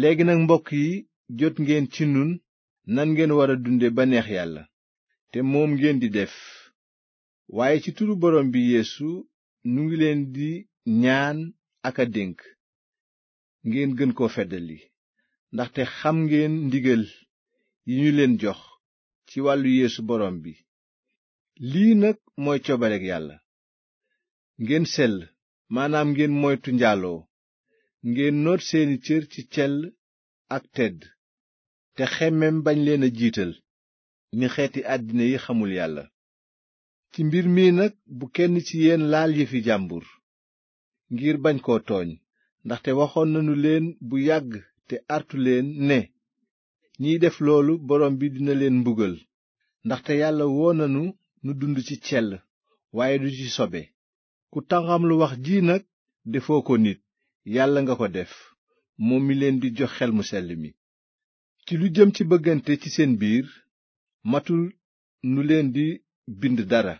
léegi nag mbokk yi jot ngeen ci nun nan ngeen war a dunde ba neex yàlla te moom ngeen di def waaye ci turu borom bi yeesu nu ngi leen di ñaan ak a dénk ngeen gën koo feddali ndaxte xam ngeen ndigal yi ñu leen jox ci wàllu yéesu borom bi lii nag mooy coobareg yàlla ngeen sell maanaam ngeen moytu njaaloo ngeen noot seeni cër ci cell ak tedd te xemmem bañ leen a jiital ni xeeti àddina yi xamul yàlla ci mbir mii nag bu kenn ci yéen laal yëfi jàmbur ngir bañ koo tooñ ndaxte waxoon nanu leen bu yàgg te artu leen ne ñiy def loolu borom bi dina leen mbugal ndaxte yàlla woo nanu nu dund ci cell waaye du ci sobe ku tanqam lu wax ji nag defoo ko nit yàlla nga ko def moom mi leen di jox xel mu sell mi ci lu jëm ci bëggante ci seen biir matul nu leen di bind dara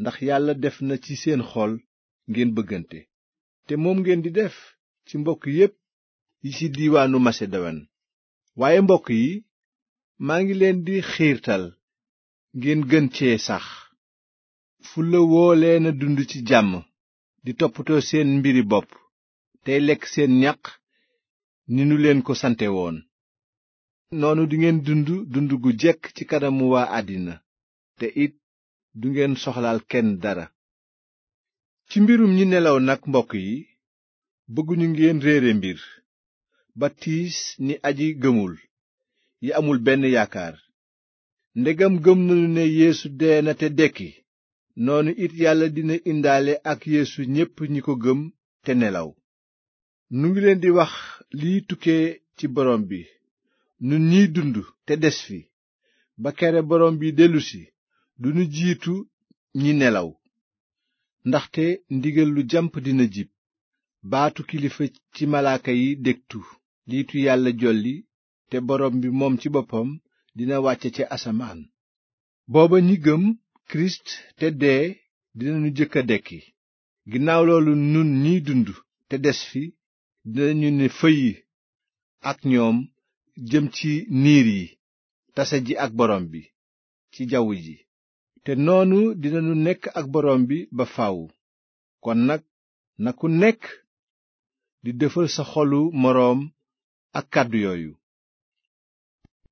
ndax yàlla def na ci seen xol ngeen bëggante te moom ngeen di def ci mbokk yépp yi ci diiwaanu Masedowan waaye mbokk yi maa ngi leen di xiirtal ngeen gën cee sax fulla woo leen a dund ci jàmm di toppatoo seen mbiri bopp tey lekk seen ñaq ni nu leen ko sante woon noonu dingeen dund dund gu jekk ci kanamu waa àddina te it du ngeen soxlaal kenn dara ci mbirum ñi nelaw nag mbokk yi bëgguñu ngeen réere mbir ba tiis ni aji gëmul yi amul benn yaakaar ndegam gëm nañu ne yéesu dee na te dekki noonu it yàlla dina indaale ak yéesu ñépp ñi ko gëm te nelaw nu ngi leen di wax liy tukkee ci borom bi ñun ñiy dund te des fi ba kere borom bi dellusi duñu jiitu ñi nelaw ndaxte ndigal lu jàmp dina jib baatu kilifa ci malaaka yi dégtu liitu yàlla jolli te borom bi moom ci boppam dina wàcce ci asamaan booba ñi gëm kirist te dee dinañu jëkk a dekki ginnaaw loolu nun ñiy dund te des fi ñu ne fëy ak ñoom jëm ci niir yi tase ji ak borom bi ci jaww ji te noonu dinañu nekk ak borom bi ba faaw kon nag na ku nekk di dëfal sa xolu moroom ak kàddu yooyu